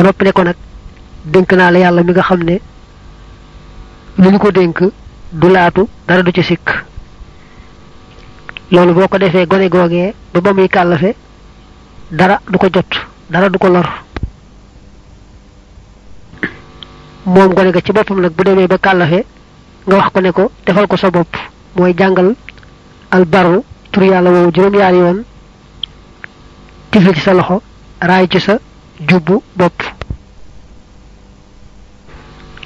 ba noppi ko nag dénk naa la yàlla mi nga xam ne lu ñu ko dénk du laatu dara du ci sikk loolu boo ko defee gone googee ba ba muy kàllafe dara du ko jot dara du ko lor moom gone ga ci boppam nag bu demee ba kàllafe nga wax ko ne ko defal ko sa bopp mooy jàngal albaru tur yàlla woowu juróom-yaari yoon tifli ci sa loxo raay ci sa jubbu bopp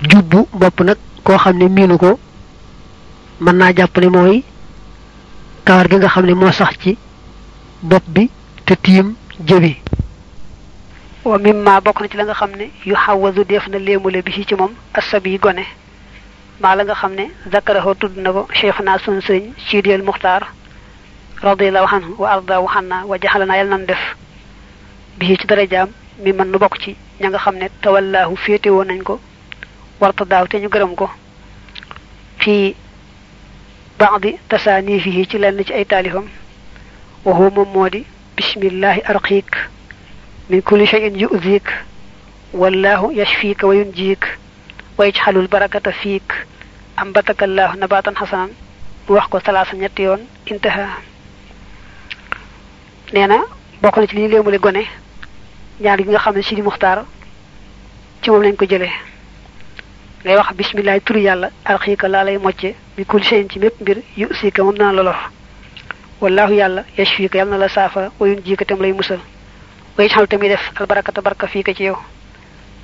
jubbu bopp nag koo xam ne miinu ko mën naa jàpp ne mooy kawar gi nga xam ne moo sax ci bopp bi te tiim jëbi wa mimma bokk na ci la nga xam ne yu xawadu def na léemule bi si ci moom asab yi gone maa la nga xam ne zakaraho tudd na ko cheikh naa sun sëñ sidiyal muxtaar radiallahu anhu wa ardahu anna wa jaxala naa yal nan def bi ci darajaam mi man nu bokk ci ña xam ne tawallaahu féete woon nañ ko warta daaw te ñu gërëm ko fii baadi tasaaniifihi ci lenn ci ay taalifam waxu moom moo di bismillahi arqiik min kulli shay'in yu'zik wallahu yashfiika wa yunjiik wa yajxalul barakata fiik ambatakallaahu nabaatan xasanan mu wax ko salaasa ñetti yoon intaha nee na bokk na ci li ñu léemule gone ñaar gi nga xam ne Sidi Muxtaar ci moom lañ ko jëlee ngay wax bisimilah turu yàlla alxiika laa lay mocce mi kul seen ci mépp mbir yu siika moom dana la lor wallahu yàlla yashfika yàlla saafara wayun jiika tam lay musal way te tamit def albarakata barka fii ka ci yow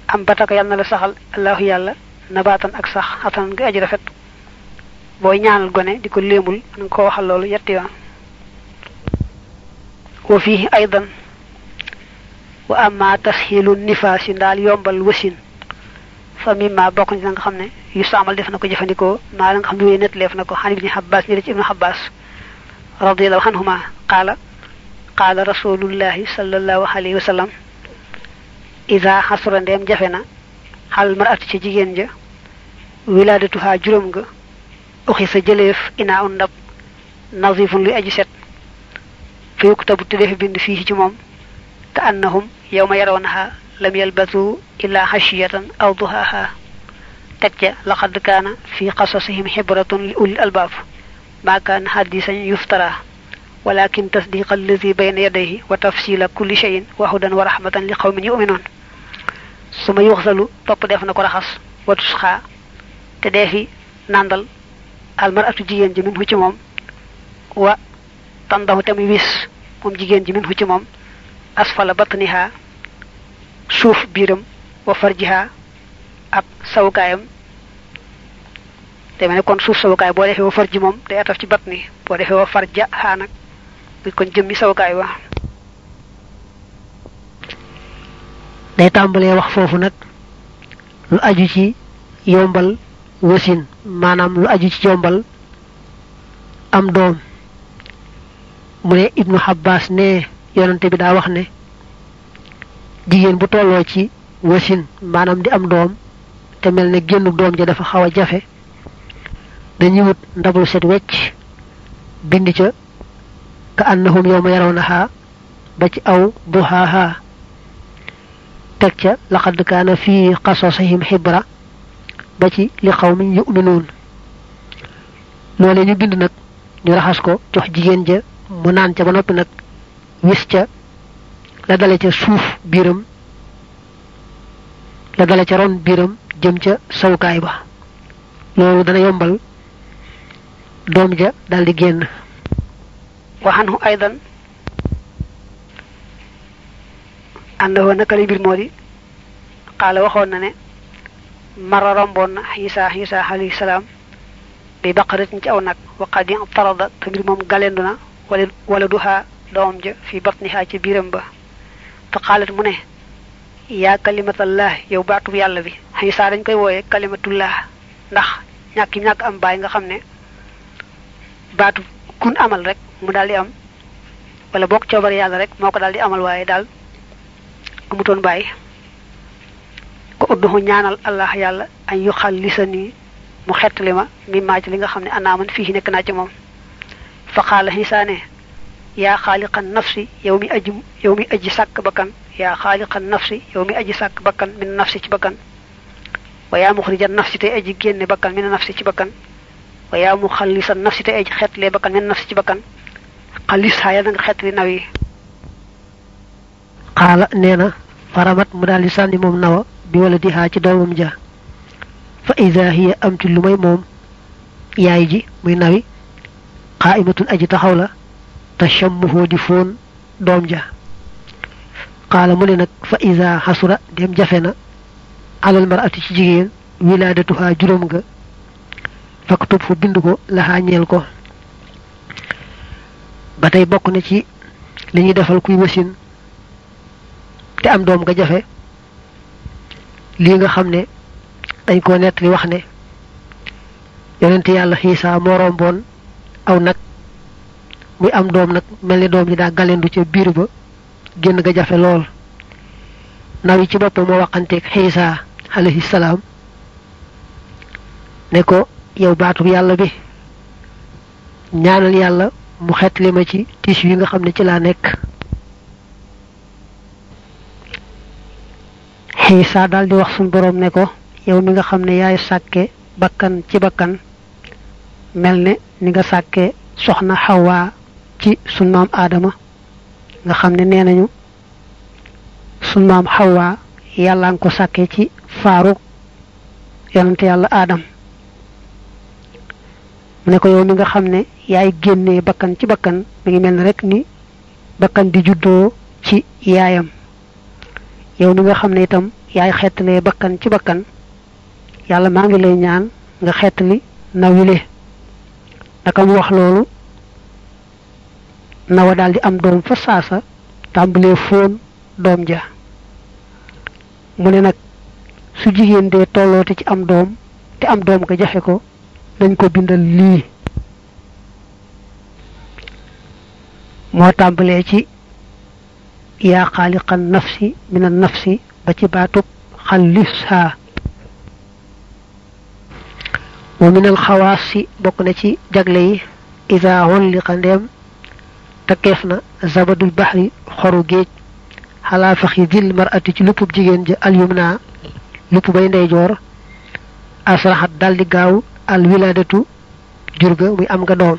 am bataka yàlla la saxal allahu yàlla nabaatan ak sax xasanan nga aji rafet booy ñaanal gone di ko léemul nga ko waxal loolu yetti yoon wa fii aydan wa amma tasxiilu nifaasi ndaal yombal wasin fa mimma bokk na nga xam ne yu saamal def na ko jëfandikoo maa la nga xam ne wéy nettaleef na ko xan ibni Abbas ñu ne ci ibnu Abbas radiallahu anhuma qaala qaala rasulullahi sallallahu alayhi wa sallam xasura ndeem jafe na xal marati ci jigéen ja wilaadatuhaa juróom nga uxi sa jëleef inaa un ndab nazifun luy aju set fayuktabu te def bind fii ci moom ka annahum yawma yarawnaha lam yalbathu illa hashiyatan aw duhaha teg ca laqad kaana fi qasasihim xibratun li ulil albaab maa kaan hadisan yuftara walakin tasdiqa allazi bayna yadayhi wa tafsila kulli cheyin wa hudan wa rahmatan li qawmin yuminoon su ma yuxsalu topp def na ko raxas wa tusxaa te deefi nàndal almaratu jigéen ji min hu ci moom wa tandahu te muy wis moom jigéen ji min hu ci moom asfala batniha suuf biiram wa farjiha ak sawukaayam te ne kon suuf sawukaay boo defee wa farji moom day ataf ci batni boo defee wa farja xaa nag muy kon sawukaay wa day tàmbalee wax foofu nag lu aju ci yombal wasin maanaam lu aju ci yombal am doom mu ne ibnu xabbaas nee yonante bi daa wax ne jigéen bu tolloo ci wasin maanaam di am doom te mel ne génn doom ja dafa xaw a jafe dañuy wut ndablu set wecc bind ca ka annahum yawma yarawnaha ba ci aw duhaaha teg ca laqad kaana fii qasasihim xibra ba ci li qawmin yuminuun loolee ñu bind nag ñu raxas ko jox jigéen ja mu naan ca ba noppi nag gis ca la dale ca suuf biiram la dale ca ron biiram jëm ca sawukaay ba loolu dana yombal doom ja daldi génn waxanhu aydan annahu naka lay mbir moo di xaala waxoon na ne mara romboon na Isa Isa alayhi salaam bi baqaratin ci aw nag wa qad tarada te mbir moom galendu na wala wala duhaa doom ja fi batniha ci biiram ba fa xaalat mu ne yaa kalimatullah yow baatub yàlla bi xëy saa dañ koy wooye kalimatullah ndax ñàkk ñàkk am baay nga xam ne baatu kun amal rek mu daal di am wala bokk coobare yàlla rek moo ko daal di amal waaye daal amutoon bàyyi ko udduxu ñaanal allah yàlla an yu xal lisani mu li ma mi maa ci li nga xam ne anaaman fii nekk naa ci moom fa xaala xisaane yaa xaaliqan nafsi yow mi aji yow mi aji sàkk bakkan yaa xaaliqan nafsi yow mi aji sàkk bakkan min nafsi ci bakkan wa yaa muxrijan nafsi tey aji génne bakkan min nafsi ci bakkan wa yaa muxallisan nafsi tey aji xeetlee bakkan min nafsi ci bakkan xalis xaaya na nga xeetli naw yi xaala nee na faramat mu daal di sànni moom nawa bi wala di xaa ci doomam ja fa ida am ci lu may moom yaay ji muy nawi xaa imatun aji taxaw la tashammuhu di fóon doom ja xaala mu ne nag fa isa xasura dem jafe na alal marati ci jigéen wilaadatuhaa juróom nga faktub fu bind ko laxaa ñeel ko ba tey bokk na ci li ñuy defal kuy wasin te am doom nga jafe lii nga xam ne dañ koo nettali wax ne yonent yàlla xiisaa moo romboon aw nag muy am doom nag mel ni doom yi daa galendu ca biir ba génn ga jafe lool naw yi ci boppam moo waxanteeg xiisa alayhi ne ko yow baatub yàlla bi ñaanal yàlla mu xettali ma ci tiis yi nga xam ne ci laa nekk xiisa daal di wax suñu boroom ne ko yow mi nga xam ne yaay sàkke bakkan ci bakkan mel ne ni nga sàkke soxna xawaa ci sunu aadama nga xam ne nee nañu sunu maam xawaa yàlla nga ko sàkkee ci faaru yonante yàlla aadam mu ne ko yow mi nga xam ne yaay génnee bakkan ci bakkan mi ngi mel ni rekk ni bakkan di juddoo ci yaayam yow mi nga xam ne itam yaay xettalee bakkan ci bakkan yàlla maa ngi lay ñaan nga xettali nawile naka mu wax loolu nawa daal di am doom fa saasa tàmbalee fóon doom ja mu ne nag su jigéen dee tolloote ci am doom te am doom nga jaxe ko dañ ko bindal lii moo tàmbalee ci yaa xaaliqan nafsi nafsi ba ci baatub xallishaa wa min al xawaasi bokk na ci jagle yi isa xolliqa ndeem takkeef na zabadul baxri xoru géej xalaa fax yi dil ci luppub jigéen ja alyumna lupp bay ndeyjoor asraxat daldi gaaw al wilaadatu jur ga muy am nga doom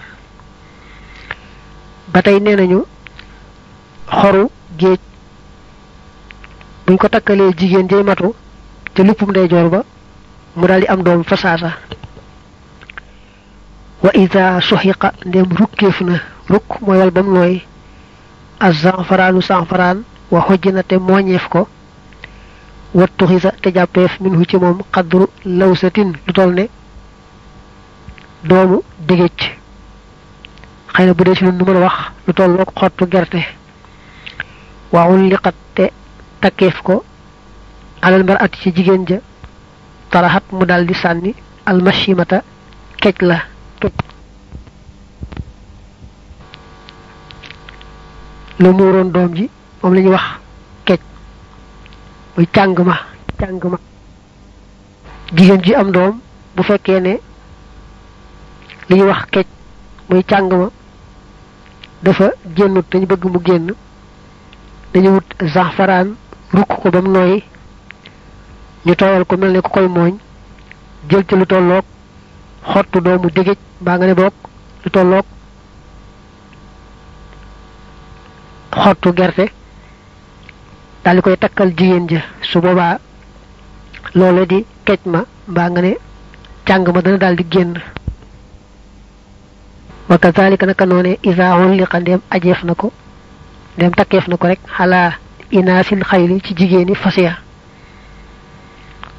ba tey nee nañu xoru géej buñ ko takkalee jigéen jay matu te luppum ndeyjoor ba mu daldi am doom fasaasa wa ida suxiqa ndem rukkeef na rukk mooyal ba mu nooy azanfaraanu sanfaraan wa xojji na te mooñeef ko wattu xisa te jàppeef minhu ci moom xadru lawsatin lu toll ne doomu dégéej xëy na bu dee ci lu nu wax lu tolloog xottu gerte waxul liqat te takkeef ko alal mbar ci jigéen ja taraxat mu daldi sànni almashimata kej la tub la muuroon doom ji moom li ñuy wax kecc muy càng ma jigéen ji am doom bu fekkee ne li ñuy wax kecc muy càng ma dafa génnut dañu bëgg mu génn dañu wut zafaraan rukk ko ba mu nooy ñu tooyal ko mel ne ku koy mooñ jël ci lu tolloog xottu doomu dégéej baa nga ne boog lu tolloog xottu gerte daal di koy takkal jigéen ja su boobaa loole di kecc ma mbaa nga ne càng ma dana daal di génn wa kazalika naka noone isa xulliqa ndem na ko ndem takkeef na ko rek xalaa inaasin xayli ci jigéeni fas ya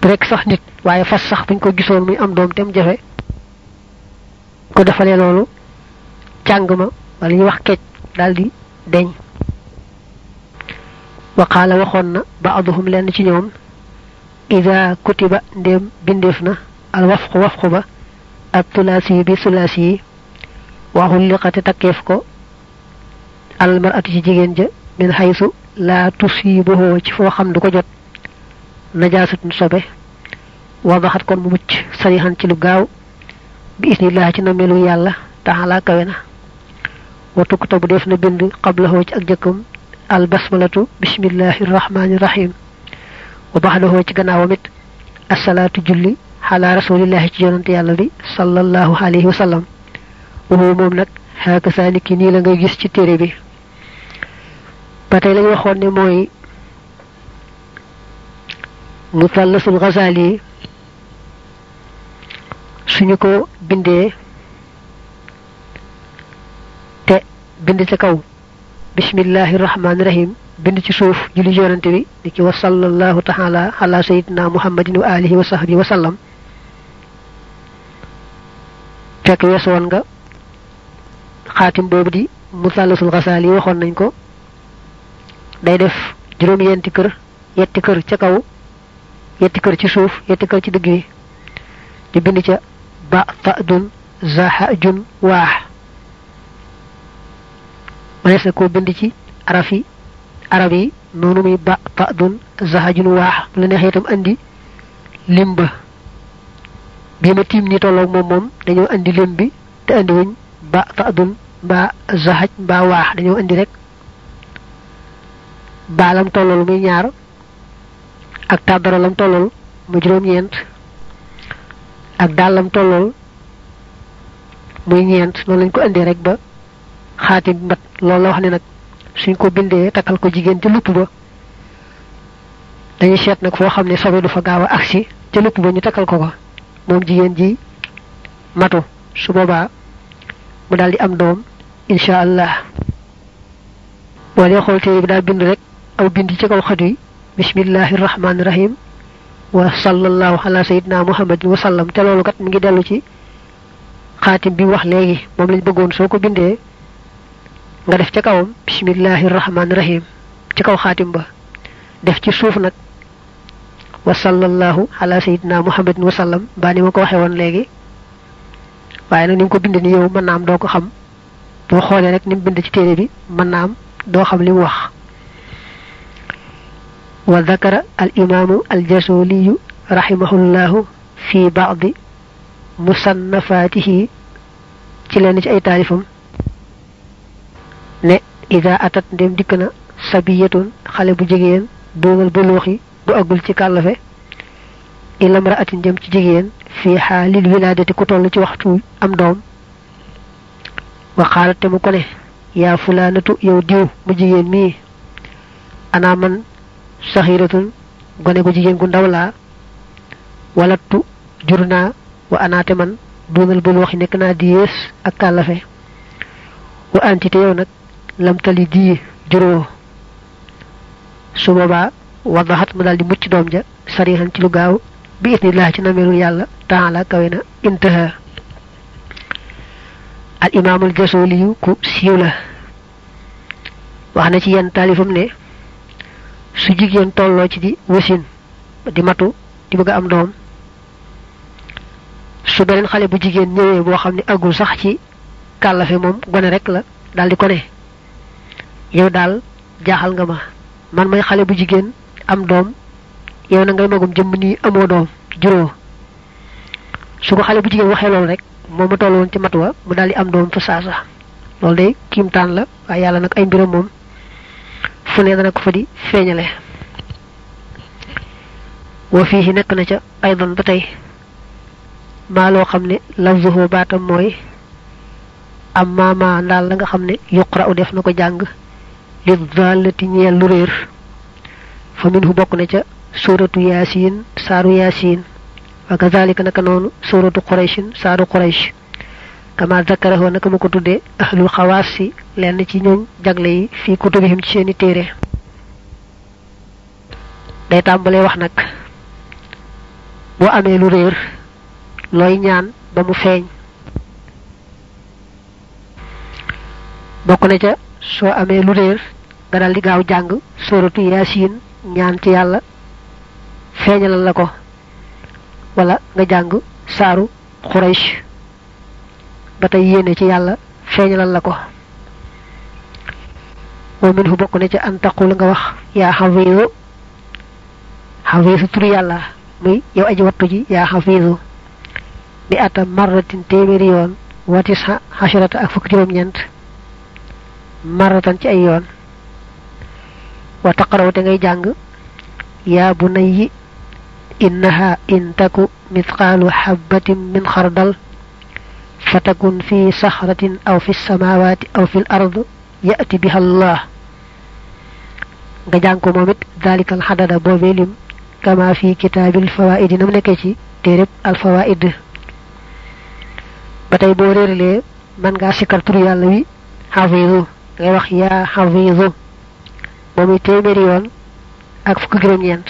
du rek sax nit waaye fas sax buñ ko gisoon muy am doom tem jafe ko defalee loolu càng ma wala ñuy wax kecc daal di deñ waqaala waxoon na ba aduhum lenn ci ñoom ida ba ndéem bindeef na al wafqu wafqu ba ab tulaasi yi bi sulaasi yi waxul liqate takkeef ko almaratu ci jigéen ja min xaysu laa tusiibuhoo ci foo xam du ko jot najaasatun sobe wadaxat kon mu mucc sarixan ci lu gaaw bi isnillah ci namelu yàlla taxalaa kawe na wa tukk ta bu def na bind xablahoo ci ak jëkkam al basmalatu bismillahi rahmani rahim wa baxdahoo ci gannaawam it asalaatu julli xalaa rasulillahi ci yonante yàlla bi sallallahu alayhi wa sallam moom nag xaakasaani ki nii la ngay gis ci téere bi ba tey lañu waxoon ne mooy musallasul Ghazali yi suñu ko bindee te bind ca kaw bismillahi rahmaani bind ci suuf julli yonante bi wa sallallahu taala ala sayidina muhammadin wa alihi wa sahbi wa sallam fekk wees nga xaatim boobu di musallasul xasaal yi waxoon nañ ko day def juróom-yenti kër ca kaw yetti kër ci suuf yetti kër ci dëgg yi ñu bind ca ba dun zaha jun waax mënees na koo bind ci araf yi arab yi noonu muy ba ta dun waax bu la neexee itam andi lim ba bii ma tiim ni tolloog moom moom dañoo andi lim bi te andi wuñ ba ta mbaa zahaj mbaa waax dañoo andi rek baalam tollool muy ñaar ak tàddaralam tollool mu juróom ak dàllam tollool muy ñeent noonu lañ ko indi rek ba xaatim mbat loolu la wax ne nag suñ ko bindee takkal ko jigéen ca lupp ba dañuy seet nag foo xam ne sobe du fa gaaw a agsi ca lupp ba ñu takkal ko ko moom jigéen ji matu su boobaa mu daal di am doom incha allah moo dee xool téere bi daal bind rek aw bind ci kaw xët yi bismillahi rahmaani rahim wa sallallahu ala sayidna muhammadin wa sallam te loolu kat mu ngi dellu ci xaatim bi wax léegi moom lañ bëggoon soo ko bindee nga def ca kawam bismillahi rahmaani rahim ci kaw xaatim ba def ci suuf nag wa sallallahu ala sayyidina muhammadin wa sallam baa ni ma ko waxee woon léegi waaye nag ni ko bind ni yow mën naa am doo ko xam boo xoolee rek ni bind ci téere bi mën naa am doo xam li wax wa dakara al imaamu al jasoliyu rahimahullahu fi baadi musannafaatihi ci lenn ci ay taalifam ne ida atat ndem dikk na sabiyatun xale bu jigéen doomal ba bu àggul ci kàllafe ilam ra jëm ci jigéen fii xaalil wilaadati ku toll ci waxtu am doom wa xaalat te mu ko ne yaa fulaanatu yow diw mu jigéen mii anaa man saxiiratun gone gu jigéen gu ndaw laa walattu jur naa wa anaate man duunal ba looxi nekk naa di yées ak kàllafe wa antité yow nag lamtali di juróo su boobaa wadaxat mu daal di mucc doom ja sarixan ci lu gaaw bi idnillah ci nameelul yàlla taala kawe na intaha al imaamul jasoli yu ku siiw la wax na ci yenn taalifam ne su jigéen tolloo ci di wasin di matu di bëgg am doom su beneen xale bu jigéen ñëwee boo xam ne agul sax ci kàllafe moom gone rek la daal di yow daal jaaxal nga ma man may xale bu jigéen am doom yow na ngay magum jëmm nii amoo doom juróo su ko xale bu jigéen waxee loolu rek moom ma toll woon ci mat wa mu daal am doom fa saasa loolu de kiimtaan la waaye yàlla nag ay mbiram moom fu ne dana ko fa di feeñale wa fii nekk na ca aydan ba tey maa loo xam ne lafzuhu baatam mooy am maamaa ndaal la nga xam ne yokk yuqra'u def na ko jàng li daalati ñeel lu réer fa minhu bokk na ca suuratu yaasin saaru yaasin wa kazalika naka noonu suuratu qurayshin saaru quraysh kama zakarahu naka ma ko tuddee ahlul xawaas si lenn ci ñooñ jagle yi fii kutubihim ci seeni téere day tàmbalee wax nag boo amee lu réer looy ñaan ba mu feeñ bokk nga dal di gaaw jàng sóoratu yaasin ñaan ci yàlla feeñalal la ko wala nga jàng saaru xuraysh ba tey ci yàlla feeñalal la ko wa minhu bokk na ci an taqul nga wax yaa xafiisu xafiisu yàlla muy yow aji wattu ji yaa xafiisu bi atam marratin téeméeri yoon watis xasharata ak fukk juróom-ñeent marratan ci ay yoon wa taqaraw te ngay jàng yaa bunayyi innaha in taku mithqaalu xabbatin min xardal fa takun fi saxratin aw fi samaawaati aw fi ard yati biha allah nga jàng ko moom it dalika alxadada kama fi kitaabil fawaidi nam nekkee ci téereb alfawaid ba tey boo réerlee mën ngaa sikkar tur yàlla wi xafiisu ngay wax yaa ba muy téeméeri yoon ak fukki juróom-ñeent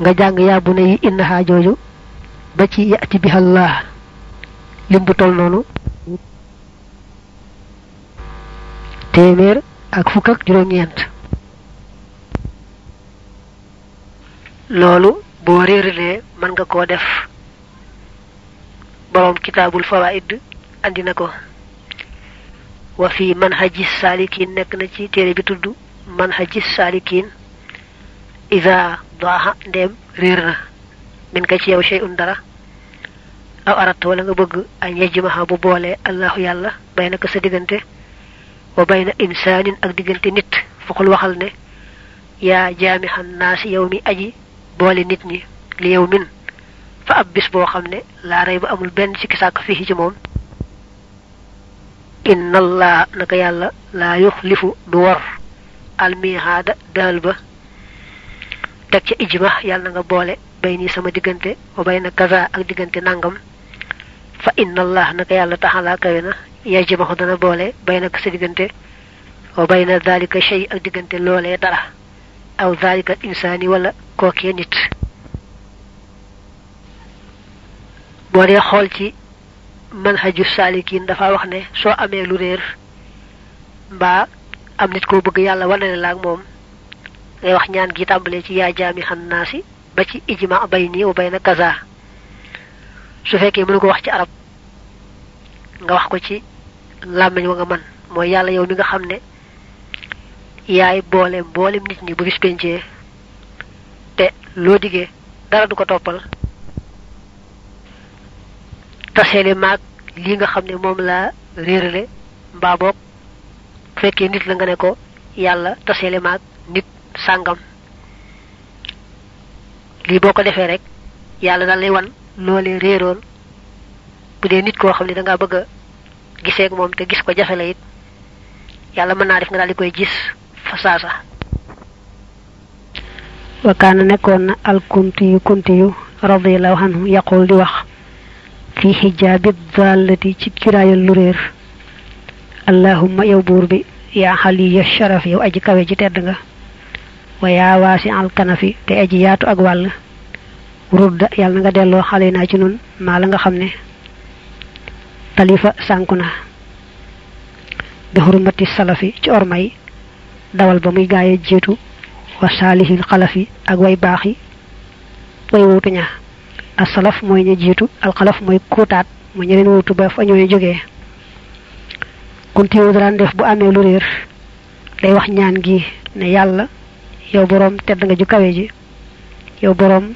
nga jàng yàbbu na yi innaha jooju ba ci yati bi allah lim bu toll noonu téeméer loolu boo réeralee mën nga koo def boroom kitaabul fawaid andi na ko wa fi manhaji saalikin nekk na ci téere bi tudd manhaji saalikin isa doaxa ndeem réer na min ko ci yow shay un dara aw arat wala nga bëgg añ yejjimaha bu boole allahu yàlla bay na sa diggante wa bay na insaanin ak diggante nit fuxul waxal ne yaa jaamixan naasi yow mi aji boole nit ñi li yow min fa ab bis boo xam ne laa rey ba amul benn sikki sàkk fii ci moom inna allah naka yàlla laa yuxlifu du war almihaada dëhël ba teg ca ijma yàlla na nga boole bay nii sama diggante wa bay na kaza ak diggante nangam fa inna allah naka yàlla taxalaa kawe na yajmaxu dana boole bay nag sa diggante wa bay na daalika shay ak diggante loole dara aw daalika insaani wala kookee nit boo dee xool ci manhaju saalikiin dafa wax ne soo amee lu réer mbaa am nit koo bëgg yàlla wanale la ak moom ngay wax ñaan gi tàmbalee ci yaa jaami xannaasi ba ci ijma bay nii wa bay na kaza su fekkee mënu ko wax ci arab nga wax ko ci làmmiñ wa nga man mooy yàlla yow mi nga xam ne yaay boole mboolem nit ñi bu bis pencee te loo diggee dara du ko toppal taseele maag lii nga xam ne moom laa réerale mbaa boog bu fekkee nit la nga ne ko yàlla taseele maag nit sàngam lii boo ko defee rek yàlla dal lay wan loolee réeroon bu dee nit koo xam ne da ngaa bëgg a gisee ak moom te gis ko jafe la it yàlla mën naa def nga daal di koy gis fa saasa wakkaana nekkoon na alkunti yu kunti yu radiyallahu di wax fi xijaabi dallati ci kiraayal lu réer allahumma yow buur bi yaa xaliya sharaf yow aji kawe ji tedd nga wa yaa waasi al kanafi te aji yaatu ak wàll rudda yàlla nga delloo xale naa ci nun maa la nga xam ne talifa sànku na bi xurmati salafi ci ormay dawal ba muy gaaya jiitu wa saalihil xalafi ak way baax yi way wuutu ña asalaf mooy ñu jiitu alxalaf mooy kuutaat mu ñeneen wutu ba fa ñooy jógee kuntiwu daraan def bu amee lu réer day wax ñaan gi ne yàlla yow boroom tedd nga ju kawe ji yow boroom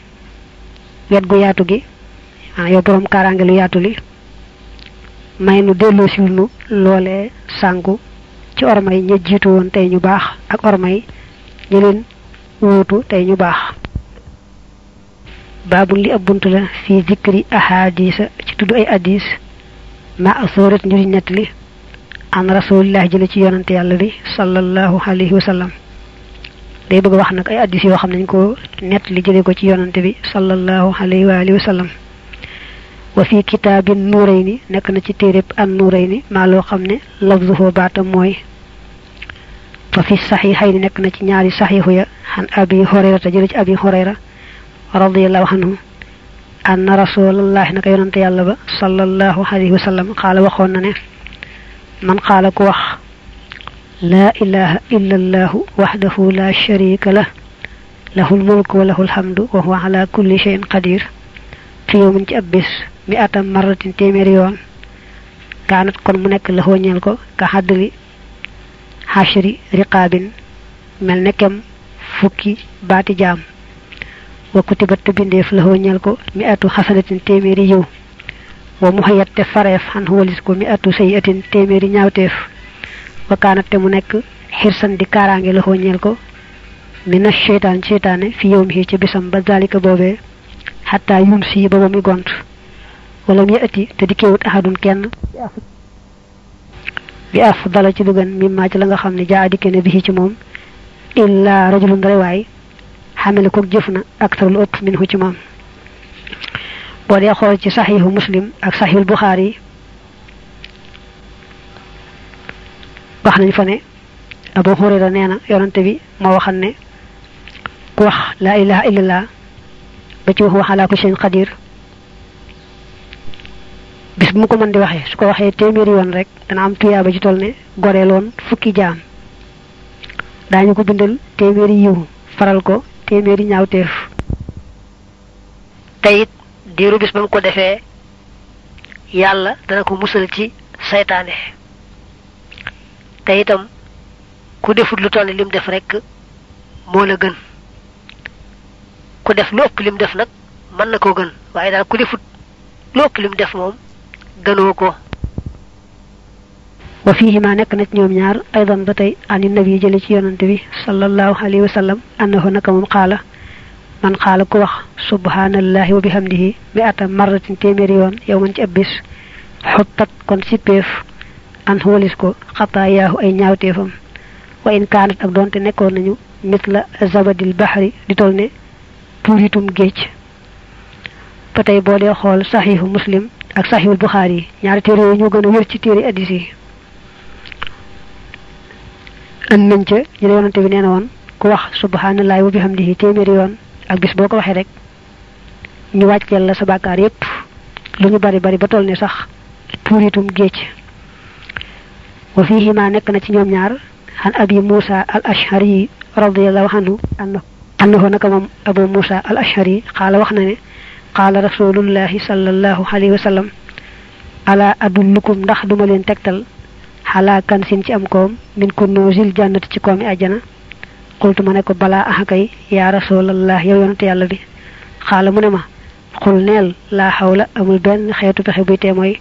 wet gu yaatu gi ah yow boroom kaaraange lu yaatu li may nu delloo siwul loolee sànku ci ormay ña jiitu woon tey ñu baax ak ormay ñeneen wuutu tey ñu baax baabul li ab bunt la fii zikri ahadisa ci tudd ay addis ma asoorat ñu di nettali an rasulillah jële ci yonante yàlla bi sallallahu alayhi wa sallam day bëgg wax nag ay addis yoo xam ne nañ ko li jële ko ci yonante bi sallallahu alayhi wa wa sallam wa fii kitaabin nuurayni nekk na ci téeréb an nuurayni maa loo xam ne lafzuhu baatam mooy fa fi saxiixayni nekk na ci ñaari saxiixu ya xan abi hurayra te jële ci abi hurayra radiyallahu anhu anna rasulallahi naka yonante yàlla ba sallallahu alayhi wa sallam xaala waxoon na ne man xaala ku wax laa ilaha illa waxdahu la sharika lah lahul mulku wa lahul hamdu wa huwa ala kulli shay'in qadir fi yawmin ci ab bés mi kon mu nekk la xooñeel ko ka xaddali xashri riqaabin mel nekkem fukki baati wa kutibat te bindeef la ñal ko mi atu xasanatin téeméeri yiw wa mu xayat te fareef xan walis ko mi atu say atin téeméeri ñaawteef wa kaanat te mu nekk xirsan di kaaraange la ñal ko mina seytaan seytaane fi yow mi ci bisam ba zalika boobee xataa yum ba muy gont wala mu ati te di kéewut axadun kenn bi af dala ci lu mi maa la nga xam ne jaa dikke ne bi ci moom illaa rajulun waay xamela kook jëf na aktar lu ëpp minhu ci moom boo dee xool ci saxiixu muslim ak saxiixul buxaari wax nañ fa ne abu hurayra nee na yonante bi moo waxan ne ku wax laa ilaha illallah ba ci wax waxalaa ko seen xadir bis bu mu ko mën di waxee su ko waxee téeméeri yoon rek dana am tuyaaba ji toll ne goreeloon fukki jaam daañu ko bindal téeméeri yiw faral ko téeméeri ñaawteef te it diiru bis ba mu ko defee yàlla dana ko musal ci seytaane te ku defut lu toll lim def rekk moo la gën ku def lu ëpp lim def nag mën na koo gën waaye daal ku defut lu ëpp lim def moom gënoo ko wa fiihima nekk na ñoom ñaar aydan ba tey ani nabi jële ci yonante bi sallallahu alayhi wa sallam annahu naka moom xaala man xaala ku wax subhanallahi wa bi mi ata marratin téeméeri yoon yow man ci ab bis xuttat kon sippeef an walis ko xataayaahu ay ñaawteefam wa in ak doonte nekkoon nañu mitla zabadil baxri di tol ne tuuritum géej ba tey boo dee xool saxiixu muslim ak saxiixul buxaari yi ñaar téere yooyu ñoo gën wér ci téere addis yi an nañ ca ñu ne yonante bi nee woon ku wax subhanallahi wa bihamdihi téeméeri yoon ak gis boo ko waxee rek ñu wàcceel la sa bàkkaar yépp lu ñu bari bari ba toll ne sax tuuritum géej wa fihi nekk na ci ñoom ñaar an abi Musa al ashari radiyallahu anhu anna annahu naka moom abu Musa al ashari xaala wax na ne qaala rasulullahi sallallahu alayhi wa sallam ala adullukum ndax duma leen tegtal xalaa kansin ci am koom min kunuusil jànnati ci koomi ajjana xultu ma ne ko balaa axakay yaa rasulallah yow yonante yàlla bi xaala mu ne ma xul neel laa xawla amul benn xeetu pexe buy tee mooy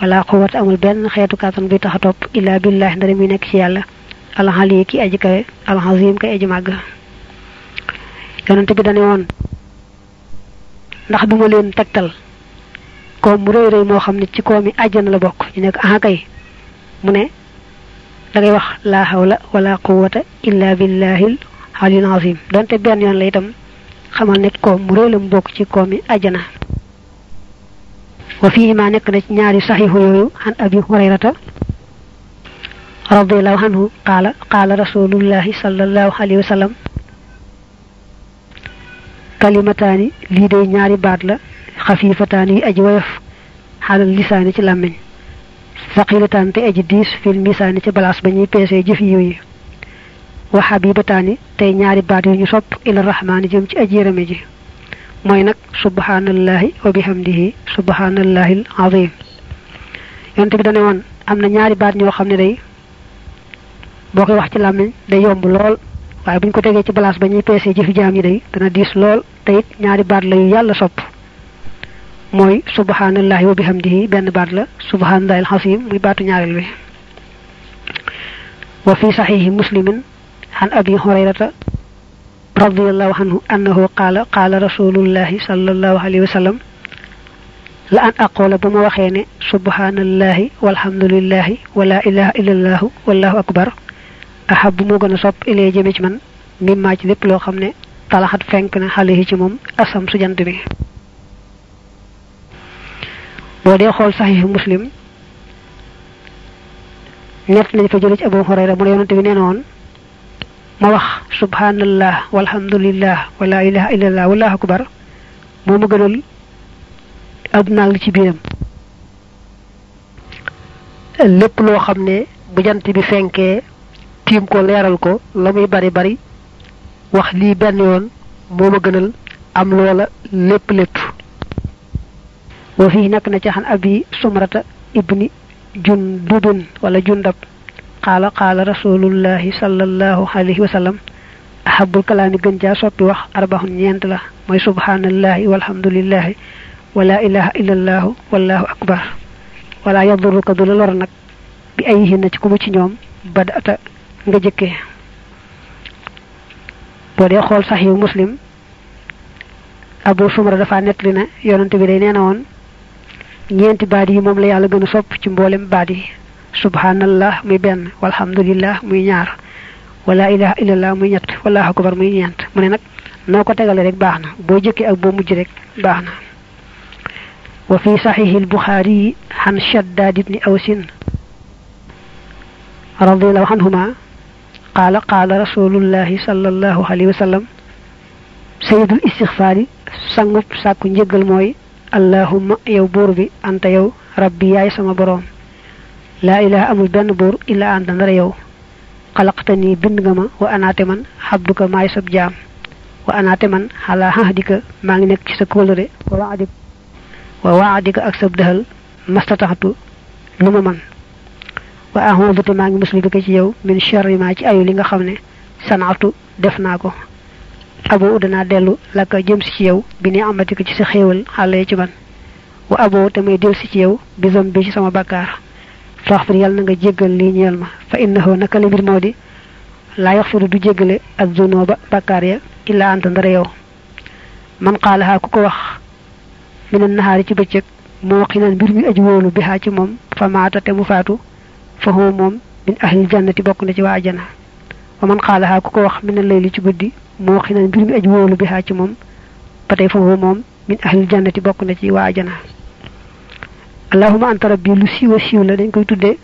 wala xuwata amul benn xeetu kàttan buy tax a topp illaa billahi ndara muy nekk ci yàlla alxali ki aji kawe alxazim kay aji màgg yonante bi dane woon ndax duma leen tegtal koom mu rëy rëy moo xam ne ci koomi ajjana la bokk ñu nekk axakay mu ne da wax laa hawla wala quwata illa billahil aliyul azim donte benn yoon la itam xamal ne koom mu réelam bokk ci koom yi ajjana wa fii ma nekk na ci ñaari saxiixu yooyu an abi hurayrata radiallahu anhu qaala qaala rasulullahi sallallahu alayhi wa kalimataani lii day ñaari baat la xafiifataani yu aji woyof xaalal lisaani ci làmmiñ saqilataan te aji diis fil misaani ci balaas ba ñuy peesee jëf yiw yi wa xabibataani tey ñaari baat yu ñu sopp ila rahmaani jëm ci aji yërëme ji mooy nag subhanallahi wa bihamdihi subhanallahi al azim yonte bi dane woon am na ñaari baat ñoo xam ne day boo koy wax ci làmmiñ day yomb lool waay bu ñu ko tegee ci balaas ba ñuy peesee jëfi jaam yi day dana diis lool tey ñaari baat la yàlla sopp mooy subhanallahi wa bihamdihi benn baat la subhanallahil xasim muy baatu ñaareel bi wa fi saxiixi muslimin an abi hurayrata radiallahu anhu annahu qaala qaala rasulullahi sallallahu alayhi wa sallam la an aqoola ba ma waxee ne subhaanallaahi walhamdulillahi wala ilaha illallahu wallahu akbar ahabu moo gën sopp ilee jëme ci man maa ci lépp loo xam ne talaxat fenk na xale yi ci moom asam su jant bi boo dee xool saxiixu muslim nett nañ fa jële ci abu hurayra mu ne yonante bi nee na ma wax subhanallah walhamdulillah walla ilaha illallah wallahu akbar moo ma gënal àdduna ak li ci biiram lépp loo xam ne bu jant bi fenkee tiim ko leeral ko la muy bari bari wax lii benn yoon moo ma gënal am loola lépp lépp wa fi nekk na ci xan abi sumrata ibni jundubun wala jundab qaala qaala rasulullahi sallallahu alayhi wa sallam ahabul kalaami gën jaa soppi wax arbahun ñeent la mooy subhanallahi walhamdulillahi wala ilaha illallahu wallahu akbar wala yaduruka du la lor nag bi ay hinna ci ku ci ñoom badata nga jëkkee boo dee xool sax yu muslim abu sumra dafa nettali ne yonante bi day nee woon ñeenti baat yi moom la yàlla gën a sopp ci mboolem baat yi subhanallah muy benn walhamdulillah muy ñaar wala ilaha illallah muy ñett wallahu akbar muy ñeent mu ne nag noo ko tegale rek baax na boo jëkkee ak boo mujj rek baax na wa fi saxiixi albuxaari yi xan shaddaad ibni awsin radiallahu anhuma qaala qaala rasulullahi sallallahu alayhi wa sallam sayidul istixfaari sangub sàkku njëggal mooy allahumma yow buur bi anta yow bi yaay sama boroom laa ilaha amul benn buur illaa anta ndara yow xalaqta nii bind nga ma wa anaate man xabduka maay sab jaam wa anaate man xalaa xahdika maa ngi nekk ci sa kóolëre wa waadik wa waadika ak sab dëxal mastataxtu lu ma man wa ahondutu maa ngi musli bi ko ci yow min sharri ma ci ayu li nga xam ne sanaatu def naa ko aboo danaa dellu lakk jëm si ci yow bi ni amati ko ci sa xéewal xàlla ci man wa aboo te may del si ci yaw bi bi ci sama bàkkaar faxfir yàlla na nga jéggal lii ñeel ma fa innahu naka la mbir di laa yaxfiru du jéggale ak zunuba bàkkaar ya illaa anta ndara yow man xaalaxaa ku ko wax mina naxaari ci bëccëg moo xinan mbir mi aji wóolu bi xaa ci moom fa maata te mu faatu fa huwa moom min ahlil jannati bokk na ci waa ajana wa man xaalaxaa ku ko wax mina layli ci guddi moo xi naan mbir mi aj wóolu bi xaa ci moom ba tey foofu moom min ahlil jannati bokk na ci waa ajana allahuma anta rabbi lu siiw a siiw la dañ koy tuddee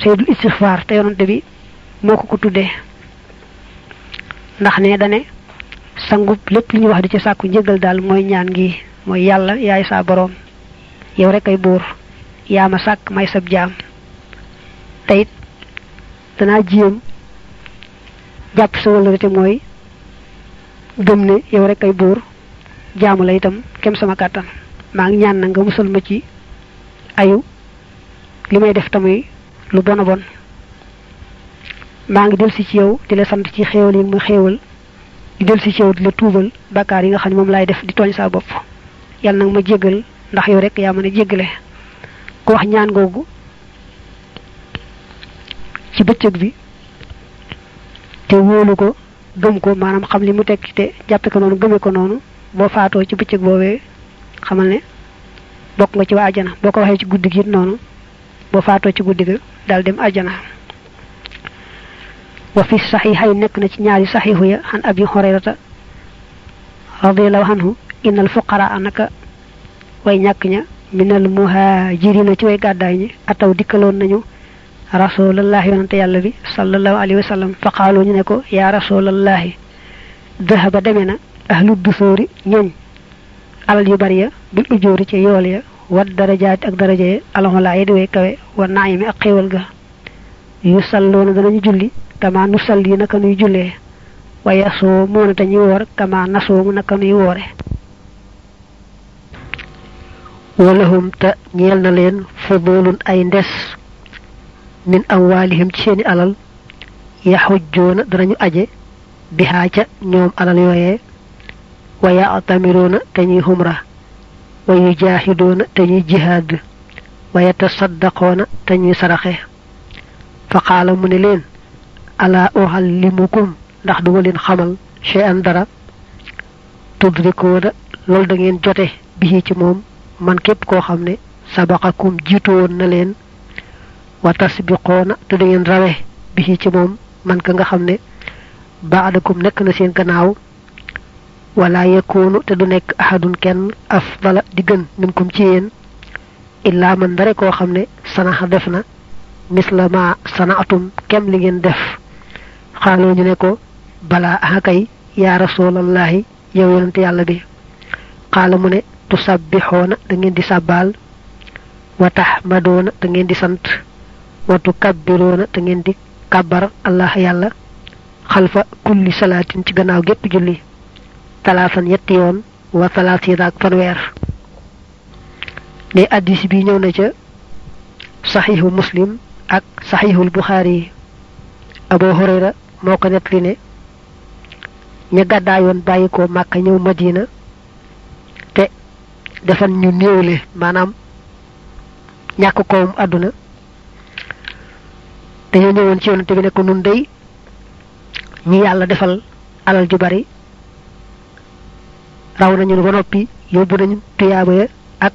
sayyidul istixfaar te yonante bi moo ko ko tuddee ndax ne dane sangub lépp li ñuy wax di ci sàkku njëgal daal mooy ñaan gi mooy yàlla yaay saa boroom yow rek ay buur yaa ma sàkk may sab jaam te it danaa jàpp sa wëllërate mooy gëm ne yow rek ay buur jaamu la itam kem sama kàttan maa ngi ñaan na nga musal ma ci ayu li may def tamuy lu bon a bon maa ngi delsi ci yow di sant ci xéewal yi ma xéewal di delsi ci yow di tuubal bàkkaar yi nga xam ne moom laay def di tooñ saa bopp yàlla nag ma jéggal ndax yow rek yaa mën a jéggale ku wax ñaan googu ci bëccëg bi te wóolu ko gëm ko maanaam xam li mu teg ci jàppe ko noonu gëme ko noonu boo faatoo ci bëccëg boobee xamal ne bokk nga ci waa ajana boo ko waxee ci guddi gi noonu boo faatoo ci guddi ga daal dem ajana wa fi saxiixay nekk na ci ñaari saxiixu ya an abi xoreyrata radiallahu anhu innal fuqaraa naka way ñàkk ña minal muhaajirina ci way gàddaay ñi ataw dikkaloon nañu rasulallah yonante yàlla bi sallallahu alayhi wa ñu ne ko yaa rasulallahi ba deme na ahlu dusóori ñooñ alal yu bari ya bil ujóori ci yool ya wa darajaat ak daraja ya alhamlaa yi di way kawe wa naayimi ak xéewal ga yu salloona danañu julli kama nu salli naka nuy jullee waaye soo moona te ñuy woor kama nasoomu naka nuy woore walahum te ñeel na leen fudulun ay ndes min amwaalihim ci seeni alal yaxujjoona danañu aje bihaa ca ñoom alal yooyee wa yaatamiroona te ñuy xumra wa yujaahidoona te ñuy jihaad wa yatasaddaqoona te ñuy saraxe fa qaala mu ne leen alaa uxallimukum ndax duma leen xamal shay'an dara tudrikoona loolu da ngeen jote bihi ci moom man képp koo xam ne sabaqakum jiitu woon na leen wa tasbiqoona te da ngeen rawe bi ci moom man ka nga xam ne baadakum nekk na seen gannaaw wala yakunu te du nekk ahadun kenn afdala di gën minkum ci yéen illaa man dare koo xam ne sanaxa def na la ma sanaatum kem li ngeen def xaaloo ñu ne ko balaa axakay yaa rasulallaahi yow yonent yàlla bi xaala mu ne sab tusabbixoona da ngeen di sàbbaal wa taxmadoona da ngeen di sant watu kabbiroona te ngeen di kàbbar allah yàlla xalfa kulli salaatin ci gannaaw gépp julli talaasan ñetti yoon wa talaasiina ak fanweer ne addis bi ñëw na ca saxiixu muslim ak saxiixul buxaari yi abu hurayra moo ko nett li ne ña gàddaayoon bàyyi ko màkka ñëw madina te defan ñu néewle maanaam ñàkk koom àdduna dañoo ñëwoon ci yonante bi ne ko nun day ñi yàlla defal alal ju bari raw nañu ba noppi yóbbu nañu tuyaaba ya ak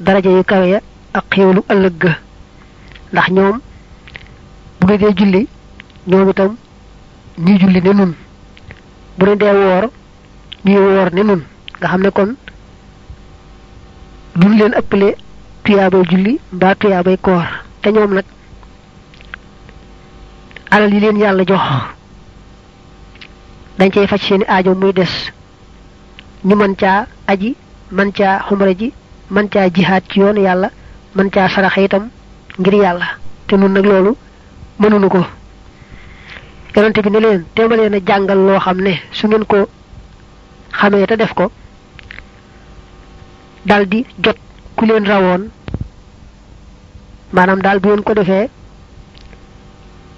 daraja yu kawe ya ak xéewalu ëllëg ga ndax ñoom bu ñu dee julli ñoom itam ñuy julli ne nun bu ñu dee woor ñuy woor ne nun nga xam ne kon duñ leen ëppale tuyaabay julli mbaa tuyaabay koor te ñoom nag alal yi leen yàlla jox dañ cay faj seeni ajo muy des ñu mën caa aji mën caa xumra ji mën caa jihaat ci yoonu yàlla mën caa saraxa itam ngir yàlla te nun nag loolu mënuñu ko yonente bi ne leen téema leen jàngal loo xam ne su ngeen ko xamee te def ko daldi jot ku leen rawoon maanaam daal bu ko defee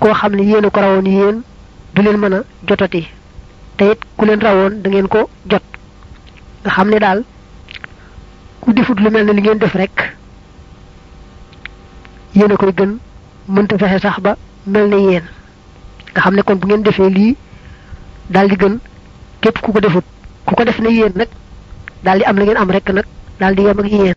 koo xam ne yéen a ko rawoon yéen du leen mën a jotati te it ku leen rawoon da ngeen ko jot nga xam ne daal ku defut lu mel ne li ngeen def rek yéen a koy gën mënta fexe sax ba mel ne yéen nga xam ne kon bu ngeen defee lii daal di gën képp ku ko defut ku ko def ne yéen nag daal di am la ngeen am rek nag daal di yem ak